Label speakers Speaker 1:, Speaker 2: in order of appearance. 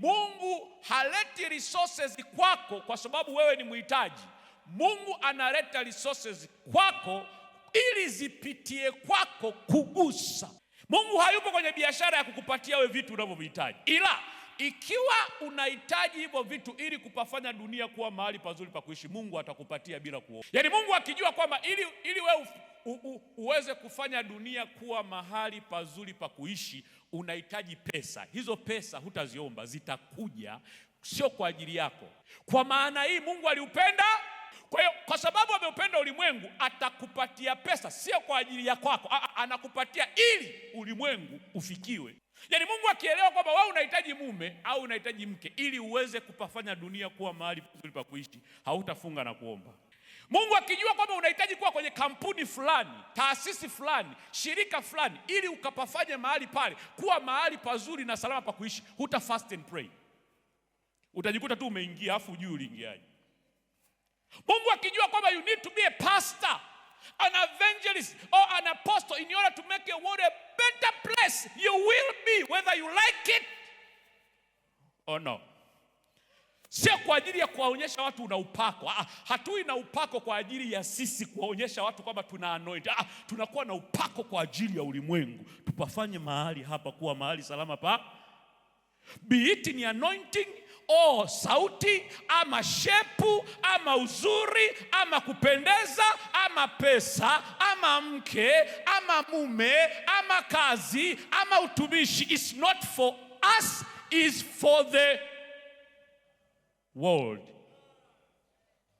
Speaker 1: Mungu haleti resources kwako kwa sababu wewe ni mhitaji. Mungu analeta resources kwako ili zipitie kwako kugusa. Mungu hayupo kwenye biashara ya kukupatia wewe vitu unavyohitaji, ila ikiwa unahitaji hivyo vitu ili kupafanya dunia kuwa mahali pazuri pa kuishi, Mungu atakupatia bila kuomba. Yaani Mungu akijua kwamba ili, ili u, uweze kufanya dunia kuwa mahali pazuri pa kuishi unahitaji pesa. Hizo pesa hutaziomba, zitakuja, sio kwa ajili yako. Kwa maana hii Mungu aliupenda kwa hiyo kwa sababu ameupenda ulimwengu atakupatia pesa, sio kwa ajili ya kwako, anakupatia ili ulimwengu ufikiwe. Yaani Mungu akielewa kwamba wewe unahitaji mume au unahitaji mke ili uweze kupafanya dunia kuwa mahali pazuri pa kuishi, hautafunga na kuomba. Mungu akijua kwamba unahitaji kuwa kwenye kampuni fulani, taasisi fulani, shirika fulani ili ukapafanye mahali pale kuwa mahali pazuri na salama pa kuishi, huta fast and pray. Utajikuta tu umeingia afu hujui uliingiaje. Mungu akijua kwamba you need to be a pastor, an evangelist or an apostle in order to make a world a better place, you will whether you like it or no. Sio kwa ajili ya kuwaonyesha watu una upako. Ah, ah hatui na upako kwa ajili ya sisi kuwaonyesha watu kwamba tuna anoint. Ah, ah, tunakuwa na upako kwa ajili ya ulimwengu. Tupafanye mahali hapa kuwa mahali salama pa it ni anointing o sauti ama shepu ama uzuri ama kupendeza ama pesa ama mke ama mume ama kazi ama kama utumishi is not for us is for the world.